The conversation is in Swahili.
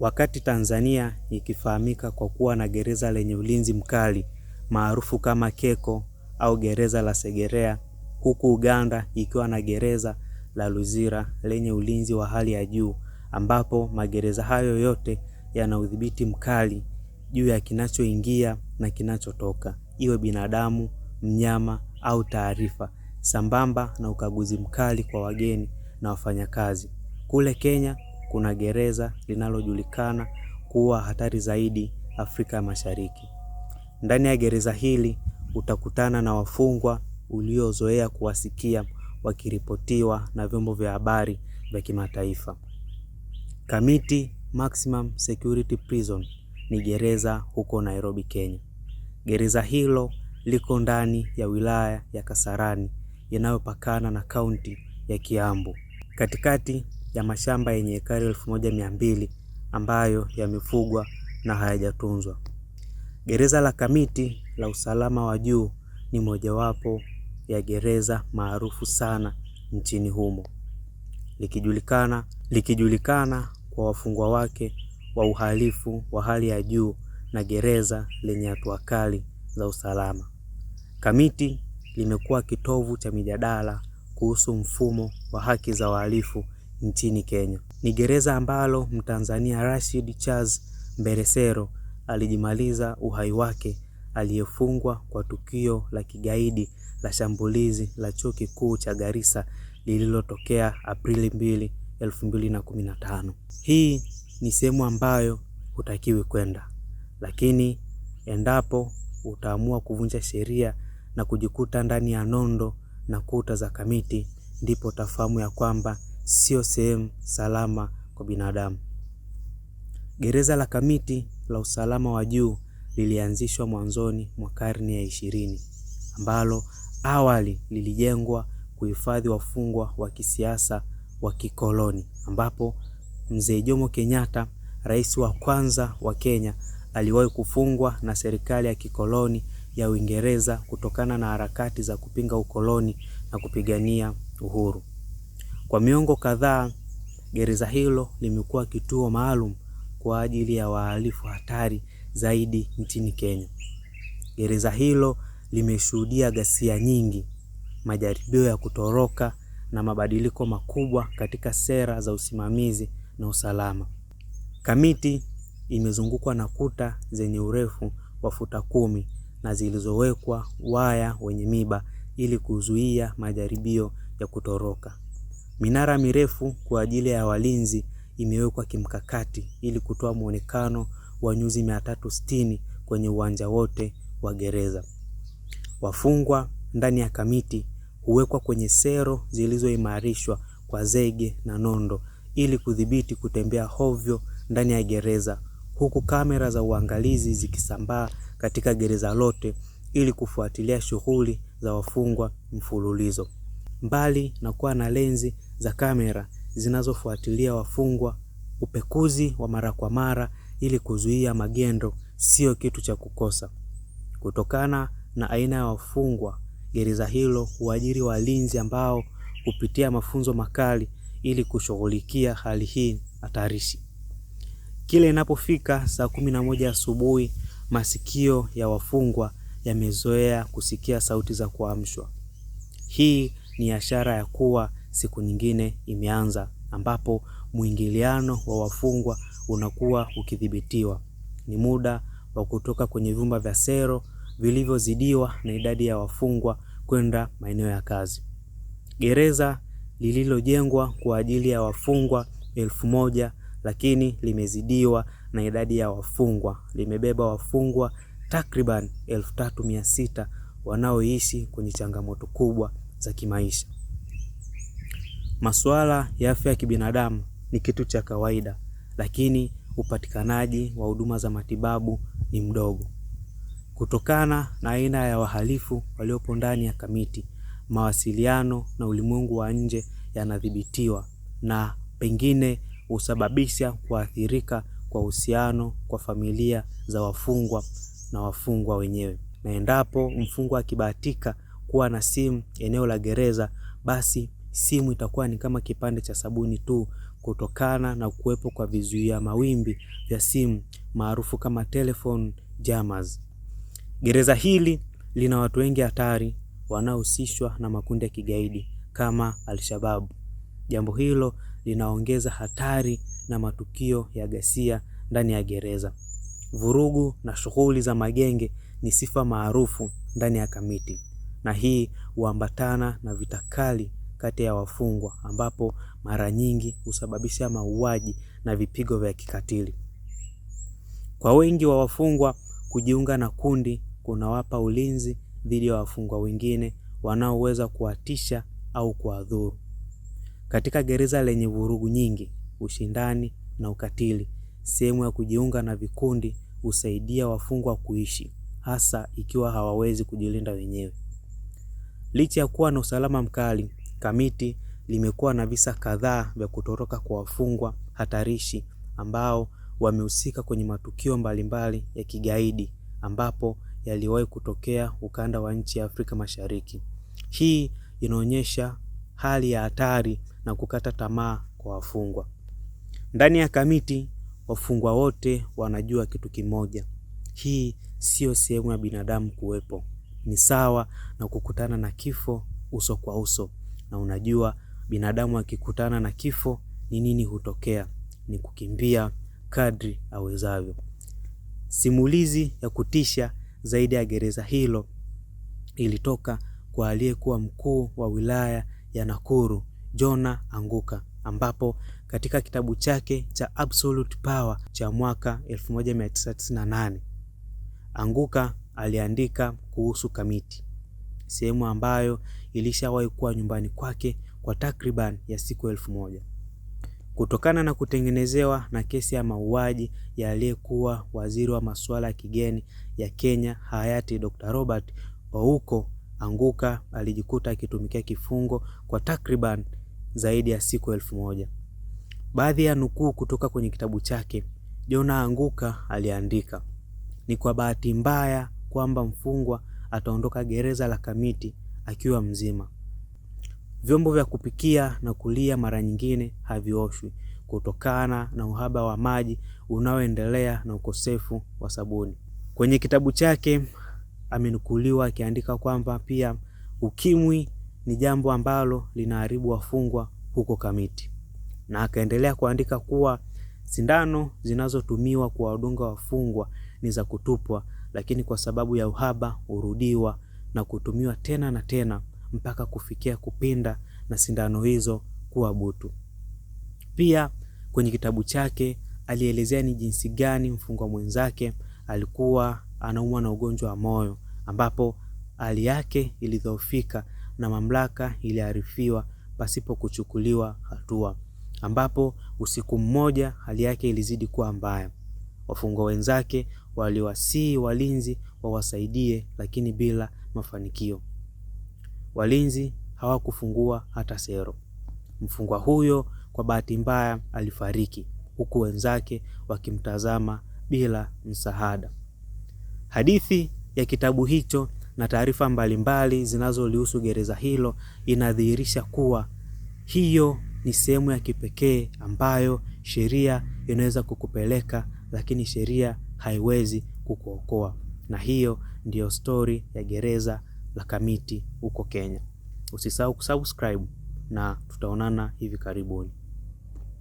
Wakati Tanzania ikifahamika kwa kuwa na gereza lenye ulinzi mkali maarufu kama Keko au gereza la Segerea, huku Uganda ikiwa na gereza la Luzira lenye ulinzi wa hali ya juu, ambapo magereza hayo yote yana udhibiti mkali juu ya kinachoingia na kinachotoka, iwe binadamu, mnyama au taarifa, sambamba na ukaguzi mkali kwa wageni na wafanyakazi. Kule Kenya kuna gereza linalojulikana kuwa hatari zaidi Afrika ya Mashariki. Ndani ya gereza hili utakutana na wafungwa uliozoea kuwasikia wakiripotiwa na vyombo vya habari vya kimataifa. Kamiti Maximum Security Prison ni gereza huko Nairobi, Kenya. Gereza hilo liko ndani ya wilaya ya Kasarani inayopakana na kaunti ya Kiambu. Katikati ya mashamba yenye ekari elfu moja mia mbili ambayo yamefugwa na hayajatunzwa. Gereza la Kamiti la usalama wa juu ni mojawapo ya gereza maarufu sana nchini humo likijulikana, likijulikana kwa wafungwa wake wa uhalifu wa hali ya juu na gereza lenye hatua kali za usalama. Kamiti limekuwa kitovu cha mijadala kuhusu mfumo wa haki za wahalifu nchini Kenya. Ni gereza ambalo Mtanzania Rashid Charles Mberesero alijimaliza uhai wake aliyefungwa kwa tukio la kigaidi la shambulizi la Chuo Kikuu cha Garissa lililotokea Aprili 2, 2015. Hii ni sehemu ambayo hutakiwi kwenda, lakini endapo utaamua kuvunja sheria na kujikuta ndani ya nondo na kuta za Kamiti, ndipo utafahamu ya kwamba sio sehemu salama kwa binadamu. Gereza la Kamiti la usalama wa juu lilianzishwa mwanzoni mwa karne ya ishirini ambalo awali lilijengwa kuhifadhi wafungwa wa kisiasa wa kikoloni ambapo Mzee Jomo Kenyatta, rais wa kwanza wa Kenya, aliwahi kufungwa na serikali ya kikoloni ya Uingereza kutokana na harakati za kupinga ukoloni na kupigania uhuru. Kwa miongo kadhaa, gereza hilo limekuwa kituo maalum kwa ajili ya wahalifu hatari zaidi nchini Kenya. Gereza hilo limeshuhudia ghasia nyingi, majaribio ya kutoroka na mabadiliko makubwa katika sera za usimamizi na usalama. Kamiti imezungukwa na kuta zenye urefu wa futa kumi na zilizowekwa waya wenye miba ili kuzuia majaribio ya kutoroka. Minara mirefu kwa ajili ya walinzi imewekwa kimkakati ili kutoa muonekano wa nyuzi 360 kwenye uwanja wote wa gereza. Wafungwa ndani ya kamiti huwekwa kwenye sero zilizoimarishwa kwa zege na nondo ili kudhibiti kutembea hovyo ndani ya gereza, huku kamera za uangalizi zikisambaa katika gereza lote ili kufuatilia shughuli za wafungwa mfululizo. Mbali na kuwa na lenzi za kamera zinazofuatilia wafungwa, upekuzi wa mara kwa mara ili kuzuia magendo sio kitu cha kukosa. Kutokana na aina ya wafungwa, gereza hilo huajiri walinzi ambao hupitia mafunzo makali ili kushughulikia hali hii hatarishi. Kila inapofika saa kumi na moja asubuhi, masikio ya wafungwa yamezoea kusikia sauti za kuamshwa. Hii ni ishara ya kuwa siku nyingine imeanza, ambapo mwingiliano wa wafungwa unakuwa ukidhibitiwa. Ni muda wa kutoka kwenye vyumba vya sero vilivyozidiwa na idadi ya wafungwa kwenda maeneo ya kazi. Gereza lililojengwa kwa ajili ya wafungwa elfu moja lakini limezidiwa na idadi ya wafungwa, limebeba wafungwa takriban elfu tatu mia sita wanaoishi kwenye changamoto kubwa za kimaisha. Masuala ya afya ya kibinadamu ni kitu cha kawaida, lakini upatikanaji wa huduma za matibabu ni mdogo kutokana na aina ya wahalifu waliopo ndani ya kamiti. Mawasiliano na ulimwengu wa nje yanadhibitiwa na pengine husababisha kuathirika kwa uhusiano kwa familia za wafungwa na wafungwa wenyewe. Na endapo mfungwa akibahatika kuwa na simu eneo la gereza, basi simu itakuwa ni kama kipande cha sabuni tu kutokana na kuwepo kwa vizuia mawimbi vya simu maarufu kama telephone jammers. Gereza hili lina watu wengi hatari wanaohusishwa na makundi ya kigaidi kama alshabab Jambo hilo linaongeza hatari na matukio ya ghasia ndani ya gereza. Vurugu na shughuli za magenge ni sifa maarufu ndani ya Kamiti, na hii huambatana na vita kali kati ya wafungwa ambapo mara nyingi husababisha mauaji na vipigo vya kikatili. Kwa wengi wa wafungwa kujiunga na kundi kunawapa ulinzi dhidi ya wafungwa wengine wanaoweza kuwatisha au kuwadhuru. Katika gereza lenye vurugu nyingi, ushindani na ukatili, sehemu ya kujiunga na vikundi husaidia wafungwa kuishi, hasa ikiwa hawawezi kujilinda wenyewe. Licha ya kuwa na usalama mkali, Kamiti limekuwa na visa kadhaa vya kutoroka kwa wafungwa hatarishi ambao wamehusika kwenye matukio mbalimbali ya kigaidi ambapo yaliwahi kutokea ukanda wa nchi ya Afrika Mashariki. Hii inaonyesha hali ya hatari na kukata tamaa kwa wafungwa. Ndani ya Kamiti wafungwa wote wanajua kitu kimoja. Hii siyo sehemu ya binadamu kuwepo. Ni sawa na kukutana na kifo uso kwa uso na unajua binadamu akikutana na kifo ni nini hutokea? Ni kukimbia kadri awezavyo. Simulizi ya kutisha zaidi ya gereza hilo ilitoka kwa aliyekuwa mkuu wa wilaya ya Nakuru Jona Anguka, ambapo katika kitabu chake cha Absolute Power cha mwaka 1998 Anguka aliandika kuhusu Kamiti sehemu ambayo ilishawahi kuwa nyumbani kwake kwa takriban ya siku elfu moja kutokana na kutengenezewa na kesi ya mauaji ya aliyekuwa waziri wa masuala ya kigeni ya Kenya hayati Dr. Robert Ouko Anguka alijikuta akitumikia kifungo kwa takriban zaidi ya siku elfu moja. Baadhi ya nukuu kutoka kwenye kitabu chake, Jona Anguka aliandika: ni kwa bahati mbaya kwamba mfungwa ataondoka gereza la Kamiti akiwa mzima. Vyombo vya kupikia na kulia mara nyingine havioshwi kutokana na uhaba wa maji unaoendelea na ukosefu wa sabuni. Kwenye kitabu chake amenukuliwa akiandika kwamba pia ukimwi ni jambo ambalo linaharibu wafungwa huko Kamiti, na akaendelea kuandika kuwa sindano zinazotumiwa kuwadunga wafungwa ni za kutupwa lakini kwa sababu ya uhaba hurudiwa na kutumiwa tena na tena mpaka kufikia kupinda na sindano hizo kuwa butu. Pia kwenye kitabu chake alielezea ni jinsi gani mfungwa mwenzake alikuwa anaumwa na ugonjwa wa moyo, ambapo hali yake ilidhoofika na mamlaka iliarifiwa pasipo kuchukuliwa hatua, ambapo usiku mmoja hali yake ilizidi kuwa mbaya. Wafungwa wenzake waliwasihi walinzi wawasaidie, lakini bila mafanikio. Walinzi hawakufungua hata sero. Mfungwa huyo kwa bahati mbaya alifariki, huku wenzake wakimtazama bila msaada. Hadithi ya kitabu hicho na taarifa mbalimbali zinazolihusu gereza hilo inadhihirisha kuwa hiyo ni sehemu ya kipekee ambayo sheria inaweza kukupeleka lakini sheria haiwezi kukuokoa. Na hiyo ndiyo stori ya gereza la Kamiti huko Kenya. Usisahau kusubscribe na tutaonana hivi karibuni.